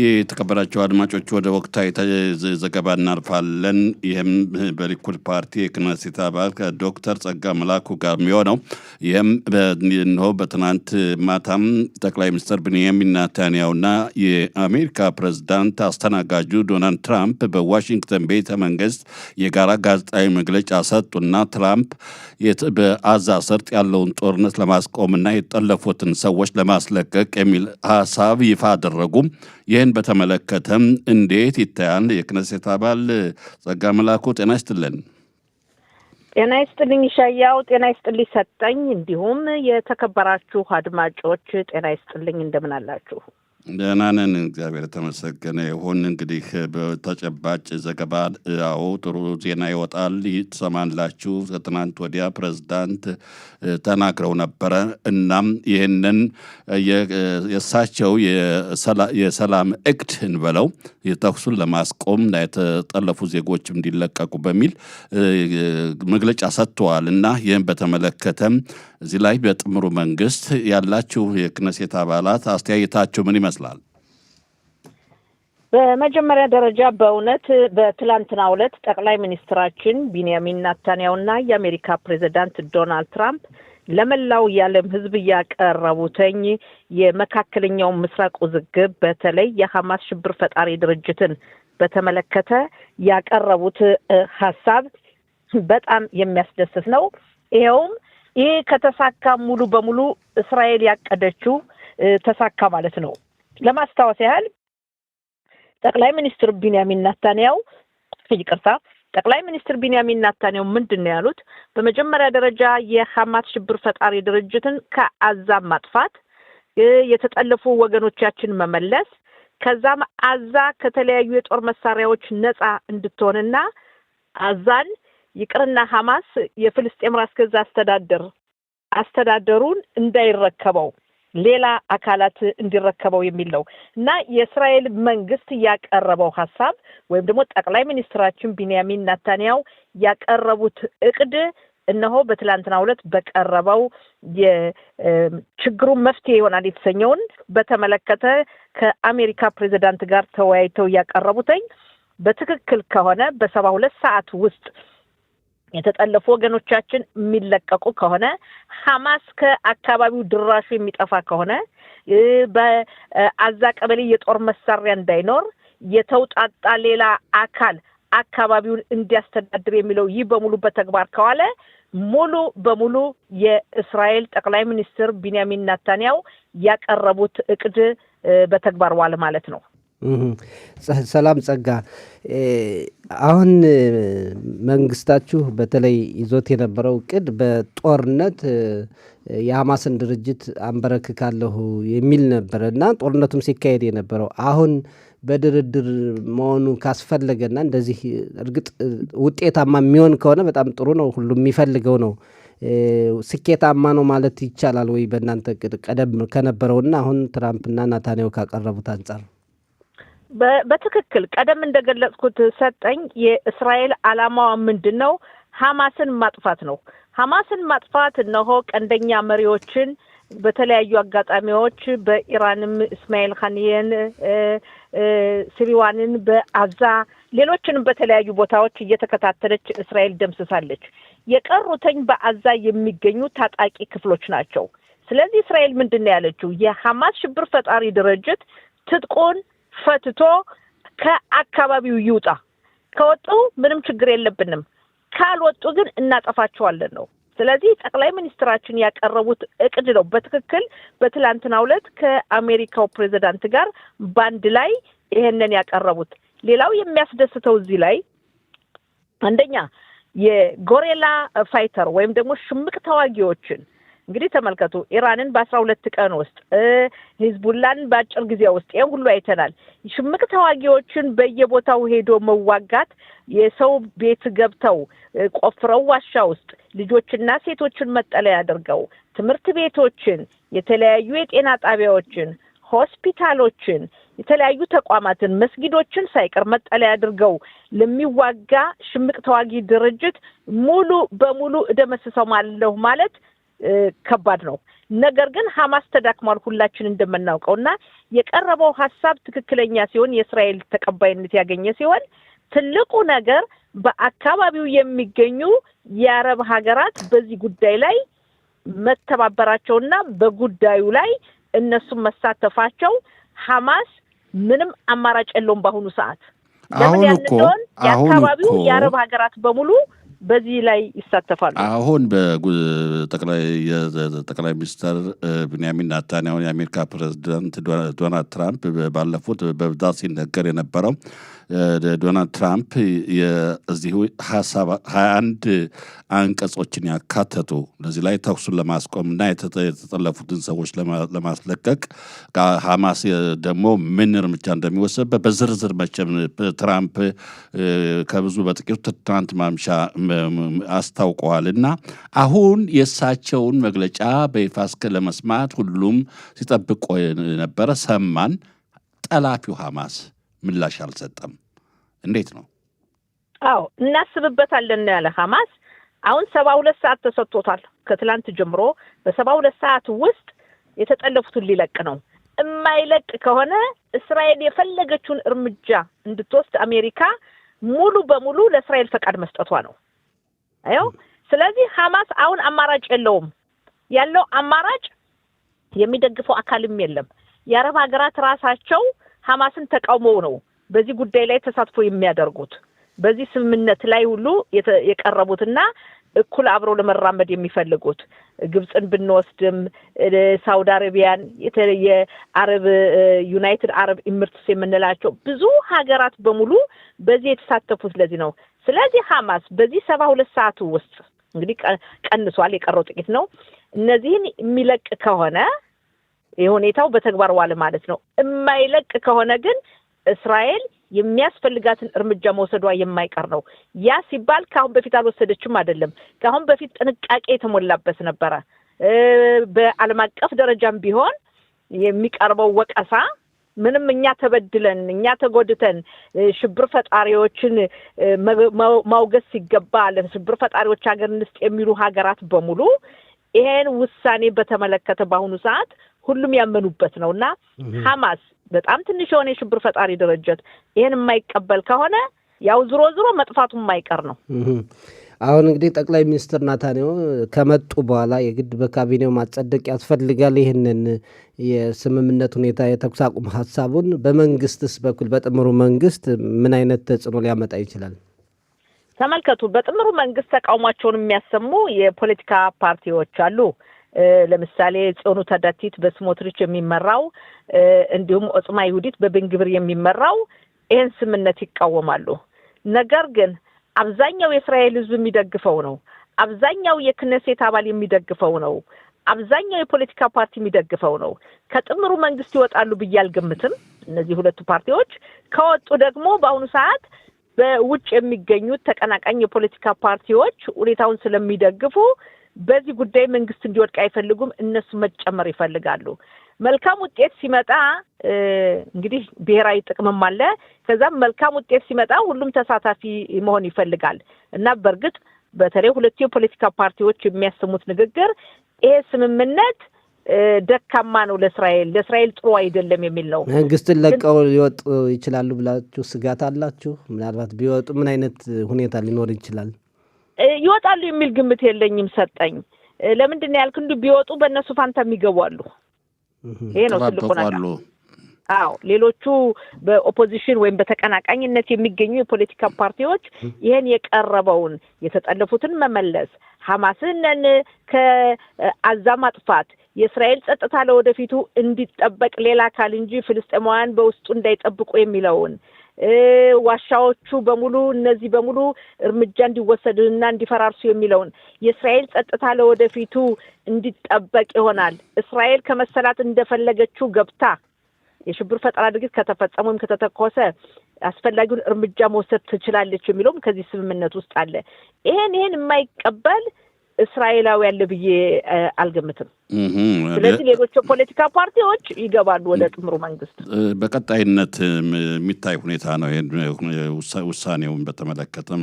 የተከበራቸው አድማጮች ወደ ወቅታዊ ዘገባ እናልፋለን። ይህም በሊኩድ ፓርቲ የክነሴት አባል ከዶክተር ጸጋ መላኩ ጋር የሚሆነው ይህም እንሆ በትናንት ማታም ጠቅላይ ሚኒስትር ብንያሚን ናታንያሁና የአሜሪካ ፕሬዝዳንት አስተናጋጁ ዶናልድ ትራምፕ በዋሽንግተን ቤተ መንግስት የጋራ ጋዜጣዊ መግለጫ ሰጡና ትራምፕ በአዛ ሰርጥ ያለውን ጦርነት ለማስቆምና የጠለፉትን ሰዎች ለማስለቀቅ የሚል ሀሳብ ይፋ አደረጉም። ጉዳይን በተመለከተም እንዴት ይታያል? የክነሴት አባል ጸጋ መላኩ ጤና ይስጥልን። ጤና ይስጥልኝ ይሻያው። ጤና ይስጥልኝ ሰጠኝ፣ እንዲሁም የተከበራችሁ አድማጮች ጤና ይስጥልኝ እንደምን አላችሁ? ደህና ነን፣ እግዚአብሔር የተመሰገነ ይሁን። እንግዲህ በተጨባጭ ዘገባ ያው ጥሩ ዜና ይወጣል። ትሰማላችሁ። ከትናንት ወዲያ ፕሬዝዳንት ተናግረው ነበረ። እናም ይህንን የእሳቸው የሰላም እቅድ እንበለው የተኩሱን ለማስቆም እና የተጠለፉ ዜጎች እንዲለቀቁ በሚል መግለጫ ሰጥተዋል እና ይህን በተመለከተም እዚህ ላይ በጥምሩ መንግስት ያላችሁ የክነሴት አባላት አስተያየታቸው ምን ይመስላል? ይመስላል? በመጀመሪያ ደረጃ በእውነት በትላንትና ዕለት ጠቅላይ ሚኒስትራችን ቢንያሚን ናታንያሁና የአሜሪካ ፕሬዚዳንት ዶናልድ ትራምፕ ለመላው የዓለም ሕዝብ ያቀረቡትኝ የመካከለኛው ምስራቅ ውዝግብ በተለይ የሐማስ ሽብር ፈጣሪ ድርጅትን በተመለከተ ያቀረቡት ሀሳብ በጣም የሚያስደስት ነው። ይኸውም ይህ ከተሳካ ሙሉ በሙሉ እስራኤል ያቀደችው ተሳካ ማለት ነው። ለማስታወስ ያህል ጠቅላይ ሚኒስትር ቢንያሚን ናታንያው ይቅርታ ጠቅላይ ሚኒስትር ቢንያሚን ናታንያው ምንድን ነው ያሉት? በመጀመሪያ ደረጃ የሐማስ ሽብር ፈጣሪ ድርጅትን ከአዛብ ማጥፋት፣ የተጠለፉ ወገኖቻችን መመለስ፣ ከዛም አዛ ከተለያዩ የጦር መሳሪያዎች ነፃ እንድትሆንና አዛን ይቅርና ሐማስ የፍልስጤም ራስ ገዛ አስተዳደር አስተዳደሩን እንዳይረከበው ሌላ አካላት እንዲረከበው የሚል ነው እና የእስራኤል መንግስት ያቀረበው ሀሳብ ወይም ደግሞ ጠቅላይ ሚኒስትራችን ቢንያሚን ናታንያው ያቀረቡት እቅድ እነሆ በትላንትና ዕለት በቀረበው የችግሩን መፍትሄ ይሆናል የተሰኘውን በተመለከተ ከአሜሪካ ፕሬዚዳንት ጋር ተወያይተው ያቀረቡትኝ በትክክል ከሆነ በሰባ ሁለት ሰዓት ውስጥ የተጠለፉ ወገኖቻችን የሚለቀቁ ከሆነ ሀማስ ከአካባቢው ድራሹ የሚጠፋ ከሆነ በአዛ ቀበሌ የጦር መሳሪያ እንዳይኖር የተውጣጣ ሌላ አካል አካባቢውን እንዲያስተዳድር የሚለው ይህ በሙሉ በተግባር ከዋለ ሙሉ በሙሉ የእስራኤል ጠቅላይ ሚኒስትር ቢንያሚን ናታንያው ያቀረቡት እቅድ በተግባር ዋለ ማለት ነው። ሰላም ጸጋ፣ አሁን መንግስታችሁ በተለይ ይዞት የነበረው እቅድ በጦርነት የሐማስን ድርጅት አንበረክካለሁ የሚል ነበረ እና ጦርነቱም ሲካሄድ የነበረው አሁን በድርድር መሆኑ ካስፈለገና እንደዚህ እርግጥ ውጤታማ የሚሆን ከሆነ በጣም ጥሩ ነው። ሁሉም የሚፈልገው ነው። ስኬታማ ነው ማለት ይቻላል ወይ? በእናንተ ቀደም ከነበረውና አሁን ትራምፕና ናታንያሁ ካቀረቡት አንጻር በትክክል ቀደም እንደገለጽኩት ሰጠኝ የእስራኤል አላማዋ ምንድን ነው? ሀማስን ማጥፋት ነው። ሀማስን ማጥፋት እነሆ ቀንደኛ መሪዎችን በተለያዩ አጋጣሚዎች በኢራንም እስማኤል ሀኒየን ስሪዋንን በአዛ ሌሎችንም በተለያዩ ቦታዎች እየተከታተለች እስራኤል ደምስሳለች። የቀሩተኝ በአዛ የሚገኙ ታጣቂ ክፍሎች ናቸው። ስለዚህ እስራኤል ምንድን ነው ያለችው? የሀማስ ሽብር ፈጣሪ ድርጅት ትጥቁን ፈትቶ ከአካባቢው ይውጣ። ከወጡ ምንም ችግር የለብንም፣ ካልወጡ ግን እናጠፋቸዋለን ነው። ስለዚህ ጠቅላይ ሚኒስትራችን ያቀረቡት እቅድ ነው በትክክል በትላንትናው ዕለት ከአሜሪካው ፕሬዚዳንት ጋር በአንድ ላይ ይሄንን ያቀረቡት። ሌላው የሚያስደስተው እዚህ ላይ አንደኛ የጎሬላ ፋይተር ወይም ደግሞ ሽምቅ ተዋጊዎችን እንግዲህ ተመልከቱ ኢራንን በአስራ ሁለት ቀን ውስጥ ህዝቡላን በአጭር ጊዜ ውስጥ ይህን ሁሉ አይተናል። ሽምቅ ተዋጊዎችን በየቦታው ሄዶ መዋጋት፣ የሰው ቤት ገብተው ቆፍረው ዋሻ ውስጥ ልጆችና ሴቶችን መጠለያ አድርገው ትምህርት ቤቶችን፣ የተለያዩ የጤና ጣቢያዎችን፣ ሆስፒታሎችን፣ የተለያዩ ተቋማትን፣ መስጊዶችን ሳይቀር መጠለያ አድርገው ለሚዋጋ ሽምቅ ተዋጊ ድርጅት ሙሉ በሙሉ እደመስሰው ማለሁ ማለት ከባድ ነው። ነገር ግን ሀማስ ተዳክሟል፣ ሁላችን እንደምናውቀው እና የቀረበው ሀሳብ ትክክለኛ ሲሆን የእስራኤል ተቀባይነት ያገኘ ሲሆን ትልቁ ነገር በአካባቢው የሚገኙ የአረብ ሀገራት በዚህ ጉዳይ ላይ መተባበራቸውና በጉዳዩ ላይ እነሱም መሳተፋቸው ሀማስ ምንም አማራጭ የለውም በአሁኑ ሰዓት። ለምን እንደሆን የአካባቢው የአረብ ሀገራት በሙሉ በዚህ ላይ ይሳተፋሉ። አሁን ጠቅላይ ሚኒስትር ቢንያሚን ናታንያሁን የአሜሪካ ፕሬዚደንት ዶናልድ ትራምፕ ባለፉት በብዛት ሲነገር የነበረው ዶናልድ ትራምፕ የዚሁ ሀያ አንድ አንቀጾችን ያካተቱ እነዚህ ላይ ተኩሱን ለማስቆም እና የተጠለፉትን ሰዎች ለማስለቀቅ ሀማስ ደግሞ ምን እርምጃ እንደሚወሰድበት በዝርዝር መቼም ትራምፕ ከብዙ በጥቂቱ ትናንት ማምሻ አስታውቀዋል እና አሁን የእሳቸውን መግለጫ በይፋ እስከ ለመስማት ሁሉም ሲጠብቆ የነበረ ሰማን። ጠላፊው ሀማስ ምላሽ አልሰጠም። እንዴት ነው? አዎ እናስብበታለን ያለ ሐማስ። አሁን ሰባ ሁለት ሰዓት ተሰጥቶታል። ከትላንት ጀምሮ በሰባ ሁለት ሰዓት ውስጥ የተጠለፉትን ሊለቅ ነው። የማይለቅ ከሆነ እስራኤል የፈለገችውን እርምጃ እንድትወስድ አሜሪካ ሙሉ በሙሉ ለእስራኤል ፈቃድ መስጠቷ ነው። አየው። ስለዚህ ሐማስ አሁን አማራጭ የለውም። ያለው አማራጭ የሚደግፈው አካልም የለም። የአረብ ሀገራት ራሳቸው ሐማስን ተቃውሞ ነው በዚህ ጉዳይ ላይ ተሳትፎ የሚያደርጉት በዚህ ስምምነት ላይ ሁሉ የቀረቡትና እኩል አብሮ ለመራመድ የሚፈልጉት ግብፅን ብንወስድም ሳውዲ አረቢያን፣ የተለየ አረብ ዩናይትድ አረብ ኢምርትስ የምንላቸው ብዙ ሀገራት በሙሉ በዚህ የተሳተፉት ለዚህ ነው። ስለዚህ ሀማስ በዚህ ሰባ ሁለት ሰዓቱ ውስጥ እንግዲህ ቀንሷል፣ የቀረው ጥቂት ነው። እነዚህን የሚለቅ ከሆነ የሁኔታው በተግባር ዋለ ማለት ነው። የማይለቅ ከሆነ ግን እስራኤል የሚያስፈልጋትን እርምጃ መውሰዷ የማይቀር ነው። ያ ሲባል ከአሁን በፊት አልወሰደችም አይደለም። ከአሁን በፊት ጥንቃቄ የተሞላበት ነበረ። በዓለም አቀፍ ደረጃም ቢሆን የሚቀርበው ወቀሳ ምንም እኛ ተበድለን እኛ ተጎድተን ሽብር ፈጣሪዎችን ማውገዝ ሲገባ ለሽብር ፈጣሪዎች ሀገር እንስጥ የሚሉ ሀገራት በሙሉ ይሄን ውሳኔ በተመለከተ በአሁኑ ሰዓት ሁሉም ያመኑበት ነው እና ሀማስ በጣም ትንሽ የሆነ የሽብር ፈጣሪ ድርጅት ይህን የማይቀበል ከሆነ ያው ዝሮ ዝሮ መጥፋቱ የማይቀር ነው። አሁን እንግዲህ ጠቅላይ ሚኒስትር ናታንያ ከመጡ በኋላ የግድ በካቢኔው ማጸደቅ ያስፈልጋል። ይህንን የስምምነት ሁኔታ የተኩስ አቁም ሀሳቡን በመንግስትስ በኩል በጥምሩ መንግስት ምን አይነት ተጽዕኖ ሊያመጣ ይችላል? ተመልከቱ። በጥምሩ መንግስት ተቃውሟቸውን የሚያሰሙ የፖለቲካ ፓርቲዎች አሉ። ለምሳሌ ጽዮኑ ተዳቲት በስሞትሪች የሚመራው እንዲሁም ኦጽማ ይሁዲት በብንግብር የሚመራው ይህን ስምነት ይቃወማሉ። ነገር ግን አብዛኛው የእስራኤል ህዝብ የሚደግፈው ነው። አብዛኛው የክነሴት አባል የሚደግፈው ነው። አብዛኛው የፖለቲካ ፓርቲ የሚደግፈው ነው። ከጥምሩ መንግስት ይወጣሉ ብዬ አልገምትም። እነዚህ ሁለቱ ፓርቲዎች ከወጡ ደግሞ በአሁኑ ሰዓት በውጭ የሚገኙት ተቀናቃኝ የፖለቲካ ፓርቲዎች ሁኔታውን ስለሚደግፉ በዚህ ጉዳይ መንግስት እንዲወድቅ አይፈልጉም። እነሱ መጨመር ይፈልጋሉ። መልካም ውጤት ሲመጣ እንግዲህ ብሔራዊ ጥቅምም አለ። ከዛም መልካም ውጤት ሲመጣ ሁሉም ተሳታፊ መሆን ይፈልጋል እና በእርግጥ በተለይ ሁለቱ የፖለቲካ ፓርቲዎች የሚያሰሙት ንግግር ይሄ ስምምነት ደካማ ነው ለእስራኤል ለእስራኤል ጥሩ አይደለም የሚል ነው። መንግስትን ለቀው ሊወጡ ይችላሉ ብላችሁ ስጋት አላችሁ? ምናልባት ቢወጡ ምን አይነት ሁኔታ ሊኖር ይችላል? ይወጣሉ የሚል ግምት የለኝም ሰጠኝ። ለምንድን ነው ያልክ? እንዱ ቢወጡ በእነሱ ፋንታ የሚገቡ አሉ። ይሄ ነው ትልቁ ነገር። አዎ ሌሎቹ በኦፖዚሽን ወይም በተቀናቃኝነት የሚገኙ የፖለቲካ ፓርቲዎች ይህን የቀረበውን የተጠለፉትን መመለስ፣ ሐማስን ከአዛ ማጥፋት፣ የእስራኤል ጸጥታ ለወደፊቱ እንዲጠበቅ ሌላ አካል እንጂ ፍልስጤማውያን በውስጡ እንዳይጠብቁ የሚለውን ዋሻዎቹ በሙሉ እነዚህ በሙሉ እርምጃ እንዲወሰድና እንዲፈራርሱ የሚለውን የእስራኤል ጸጥታ ለወደፊቱ እንዲጠበቅ ይሆናል። እስራኤል ከመሰላት እንደፈለገችው ገብታ የሽብር ፈጠራ ድርጊት ከተፈጸመ ወይም ከተተኮሰ አስፈላጊውን እርምጃ መውሰድ ትችላለች የሚለውም ከዚህ ስምምነት ውስጥ አለ። ይሄን ይሄን የማይቀበል እስራኤላውያን ብዬ አልገምትም። ስለዚህ ሌሎች የፖለቲካ ፓርቲዎች ይገባሉ ወደ ጥምሩ መንግስት። በቀጣይነት የሚታይ ሁኔታ ነው። ውሳኔውን በተመለከተ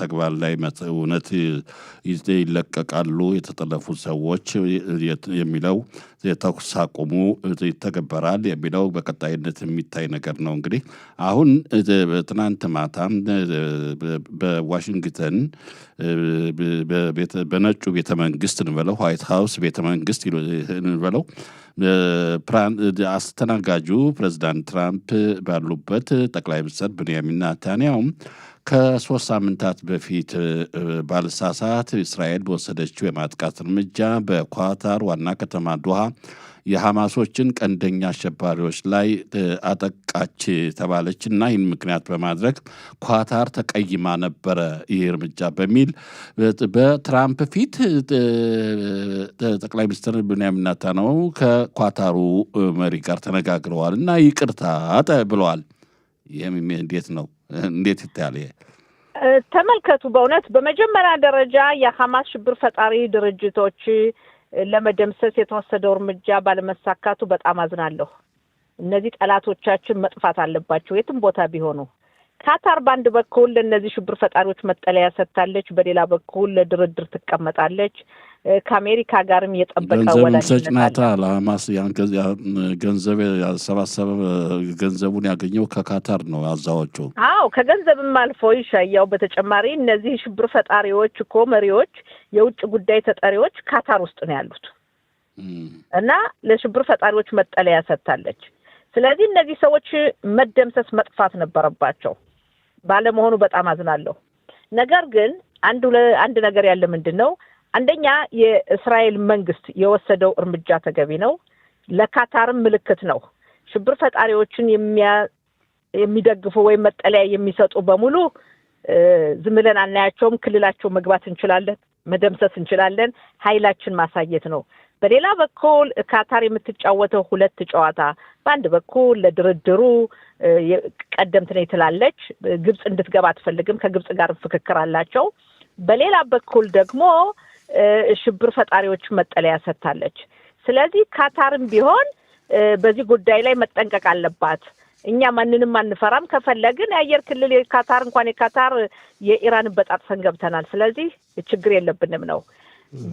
ተግባር ላይ እውነት ይለቀቃሉ የተጠለፉ ሰዎች የሚለው የተኩስ አቁሙ ይተገበራል የሚለው በቀጣይነት የሚታይ ነገር ነው። እንግዲህ አሁን ትናንት ማታም በዋሽንግተን በነጩ ቤተ መንግስት እንበለው ዋይት ሀውስ ቤተ መንግስት እንበለው አስተናጋጁ ፕሬዚዳንት ትራምፕ ባሉበት ጠቅላይ ሚኒስትር ብንያሚን ናታንያውም ከሶስት ሳምንታት በፊት ባልሳሳት እስራኤል በወሰደችው የማጥቃት እርምጃ በኳታር ዋና ከተማ ዶሃ የሐማሶችን ቀንደኛ አሸባሪዎች ላይ አጠቃች ተባለች እና ይህን ምክንያት በማድረግ ኳታር ተቀይማ ነበረ ይህ እርምጃ በሚል በትራምፕ ፊት ጠቅላይ ሚኒስትር ቢንያሚን ኔታንያሁ ከኳታሩ መሪ ጋር ተነጋግረዋል እና ይቅርታ ብለዋል። እንዴት ነው እንዴት ይታያል ይሄ? ተመልከቱ። በእውነት በመጀመሪያ ደረጃ የሐማስ ሽብር ፈጣሪ ድርጅቶች ለመደምሰስ የተወሰደው እርምጃ ባለመሳካቱ በጣም አዝናለሁ። እነዚህ ጠላቶቻችን መጥፋት አለባቸው የትም ቦታ ቢሆኑ። ካታር በአንድ በኩል ለእነዚህ ሽብር ፈጣሪዎች መጠለያ ሰጥታለች፣ በሌላ በኩል ለድርድር ትቀመጣለች። ከአሜሪካ ጋርም የጠበቀ ገንዘብ ሰጭ ናታ። ለሀማስ ገንዘብ ያሰባሰበ ገንዘቡን ያገኘው ከካታር ነው አዛዎቹ። አዎ ከገንዘብም አልፎ ይሻያው በተጨማሪ እነዚህ ሽብር ፈጣሪዎች እኮ መሪዎች፣ የውጭ ጉዳይ ተጠሪዎች ካታር ውስጥ ነው ያሉት እና ለሽብር ፈጣሪዎች መጠለያ ሰጥታለች። ስለዚህ እነዚህ ሰዎች መደምሰስ መጥፋት ነበረባቸው። ባለመሆኑ በጣም አዝናለሁ። ነገር ግን አንድ አንድ ነገር ያለ ምንድን ነው አንደኛ የእስራኤል መንግስት የወሰደው እርምጃ ተገቢ ነው፣ ለካታርም ምልክት ነው። ሽብር ፈጣሪዎችን የሚደግፉ ወይም መጠለያ የሚሰጡ በሙሉ ዝም ብለን አናያቸውም። ክልላቸው መግባት እንችላለን፣ መደምሰስ እንችላለን፣ ኃይላችን ማሳየት ነው። በሌላ በኩል ካታር የምትጫወተው ሁለት ጨዋታ፣ በአንድ በኩል ለድርድሩ ቀደምት ነኝ ትላለች፣ ግብፅ እንድትገባ አትፈልግም፣ ከግብፅ ጋር ፍክክር አላቸው። በሌላ በኩል ደግሞ ሽብር ፈጣሪዎቹ መጠለያ ሰጥታለች። ስለዚህ ካታርም ቢሆን በዚህ ጉዳይ ላይ መጠንቀቅ አለባት። እኛ ማንንም አንፈራም። ከፈለግን የአየር ክልል የካታር እንኳን የካታር የኢራንን በጣጥሰን ገብተናል። ስለዚህ ችግር የለብንም ነው።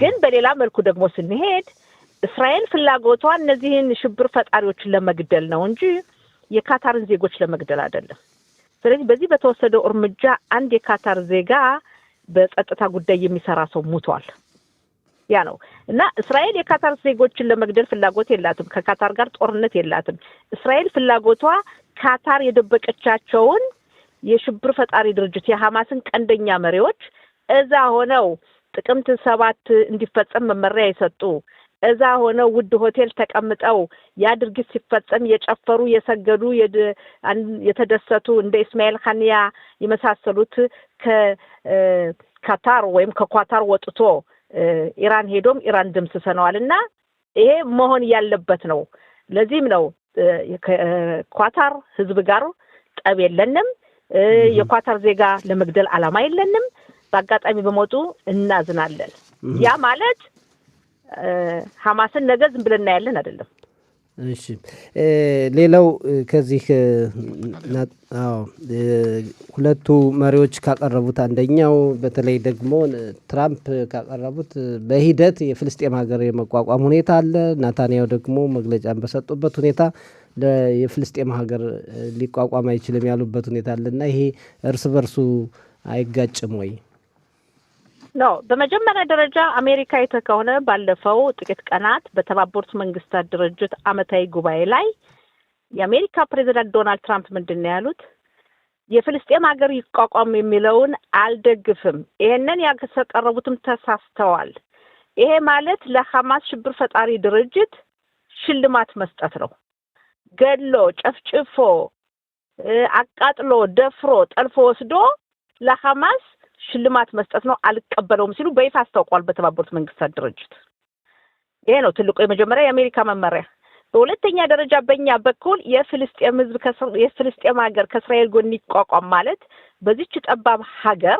ግን በሌላ መልኩ ደግሞ ስንሄድ እስራኤል ፍላጎቷ እነዚህን ሽብር ፈጣሪዎችን ለመግደል ነው እንጂ የካታርን ዜጎች ለመግደል አይደለም። ስለዚህ በዚህ በተወሰደው እርምጃ አንድ የካታር ዜጋ በጸጥታ ጉዳይ የሚሰራ ሰው ሙቷል። ያ ነው እና እስራኤል የካታር ዜጎችን ለመግደል ፍላጎት የላትም። ከካታር ጋር ጦርነት የላትም። እስራኤል ፍላጎቷ ካታር የደበቀቻቸውን የሽብር ፈጣሪ ድርጅት የሐማስን ቀንደኛ መሪዎች እዛ ሆነው ጥቅምት ሰባት እንዲፈጸም መመሪያ የሰጡ እዛ ሆነው ውድ ሆቴል ተቀምጠው ያ ድርጊት ሲፈጸም የጨፈሩ፣ የሰገዱ፣ የተደሰቱ እንደ እስማኤል ሀኒያ የመሳሰሉት ከካታር ወይም ከኳታር ወጥቶ ኢራን ሄዶም ኢራን ደምስሰነዋል እና ይሄ መሆን ያለበት ነው። ለዚህም ነው ከኳታር ህዝብ ጋር ጠብ የለንም። የኳታር ዜጋ ለመግደል አላማ የለንም። በአጋጣሚ በመጡ እናዝናለን። ያ ማለት ሀማስን ነገ ዝም ብለን እናያለን አይደለም። እሺ ሌላው ከዚህ ሁለቱ መሪዎች ካቀረቡት አንደኛው በተለይ ደግሞ ትራምፕ ካቀረቡት በሂደት የፍልስጤም ሀገር የመቋቋም ሁኔታ አለ። ናታንያው ደግሞ መግለጫን በሰጡበት ሁኔታ የፍልስጤም ሀገር ሊቋቋም አይችልም ያሉበት ሁኔታ አለ እና ይሄ እርስ በርሱ አይጋጭም ወይ? ነው። በመጀመሪያ ደረጃ አሜሪካ የተ ከሆነ ባለፈው ጥቂት ቀናት በተባበሩት መንግስታት ድርጅት አመታዊ ጉባኤ ላይ የአሜሪካ ፕሬዚዳንት ዶናልድ ትራምፕ ምንድን ነው ያሉት? የፍልስጤም ሀገር ይቋቋም የሚለውን አልደግፍም። ይሄንን ያቀረቡትም ተሳስተዋል። ይሄ ማለት ለሐማስ ሽብር ፈጣሪ ድርጅት ሽልማት መስጠት ነው። ገድሎ፣ ጨፍጭፎ፣ አቃጥሎ፣ ደፍሮ፣ ጠልፎ ወስዶ ለሐማስ ሽልማት መስጠት ነው፣ አልቀበለውም ሲሉ በይፋ አስታውቋል በተባበሩት መንግስታት ድርጅት። ይሄ ነው ትልቁ የመጀመሪያ የአሜሪካ መመሪያ። በሁለተኛ ደረጃ በእኛ በኩል የፍልስጤም ህዝብ የፍልስጤም ሀገር ከእስራኤል ጎን ይቋቋም ማለት በዚች ጠባብ ሀገር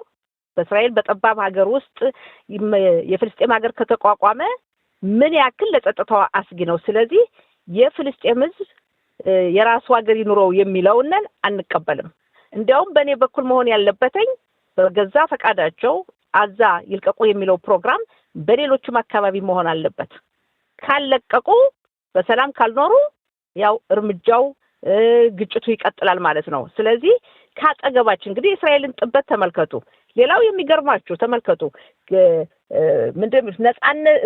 በእስራኤል በጠባብ ሀገር ውስጥ የፍልስጤም ሀገር ከተቋቋመ ምን ያክል ለጸጥታው አስጊ ነው። ስለዚህ የፍልስጤም ህዝብ የራሱ ሀገር ይኑረው የሚለውነን አንቀበልም። እንዲያውም በእኔ በኩል መሆን ያለበትኝ በገዛ ፈቃዳቸው አዛ ይልቀቁ የሚለው ፕሮግራም በሌሎቹም አካባቢ መሆን አለበት። ካልለቀቁ፣ በሰላም ካልኖሩ ያው እርምጃው ግጭቱ ይቀጥላል ማለት ነው። ስለዚህ ከአጠገባችን እንግዲህ እስራኤልን ጥበት ተመልከቱ። ሌላው የሚገርማችሁ ተመልከቱ፣ ምንድን ነው ነጻነት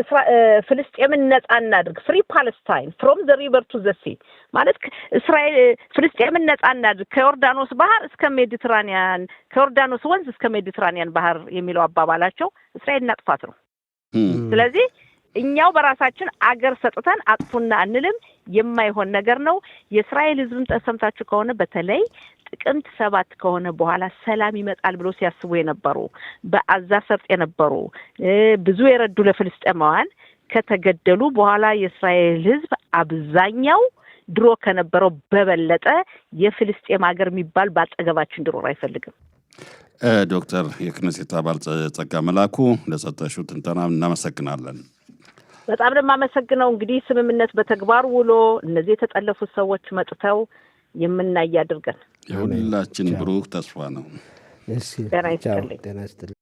ፍልስጤምን ነጻ እናድርግ፣ ፍሪ ፓለስታይን ፍሮም ዘ ሪቨር ቱ ዘ ሲ ማለት እስራኤል ፍልስጤምን ነጻ እናድርግ ከዮርዳኖስ ባህር እስከ ሜዲትራኒያን ከዮርዳኖስ ወንዝ እስከ ሜዲትራኒያን ባህር የሚለው አባባላቸው እስራኤል እናጥፋት ነው። ስለዚህ እኛው በራሳችን አገር ሰጥተን አጥፉና አንልም። የማይሆን ነገር ነው። የእስራኤል ህዝብም ተሰምታችሁ ከሆነ በተለይ ጥቅምት ሰባት ከሆነ በኋላ ሰላም ይመጣል ብሎ ሲያስቡ የነበሩ በአዛ ሰርጥ የነበሩ ብዙ የረዱ ለፍልስጤማውያን ከተገደሉ በኋላ የእስራኤል ህዝብ አብዛኛው ድሮ ከነበረው በበለጠ የፍልስጤም ሀገር የሚባል በአጠገባችን ድሮር አይፈልግም። ዶክተር የክነሴት አባል ጸጋ መላኩ ለሰጠሽው ትንተና እናመሰግናለን። በጣም ነው የማመሰግነው። እንግዲህ ስምምነት በተግባር ውሎ እነዚህ የተጠለፉት ሰዎች መጥተው የምናይ አድርገን የሁላችን ብሩህ ተስፋ ነው። ጤና ይስጥልኝ።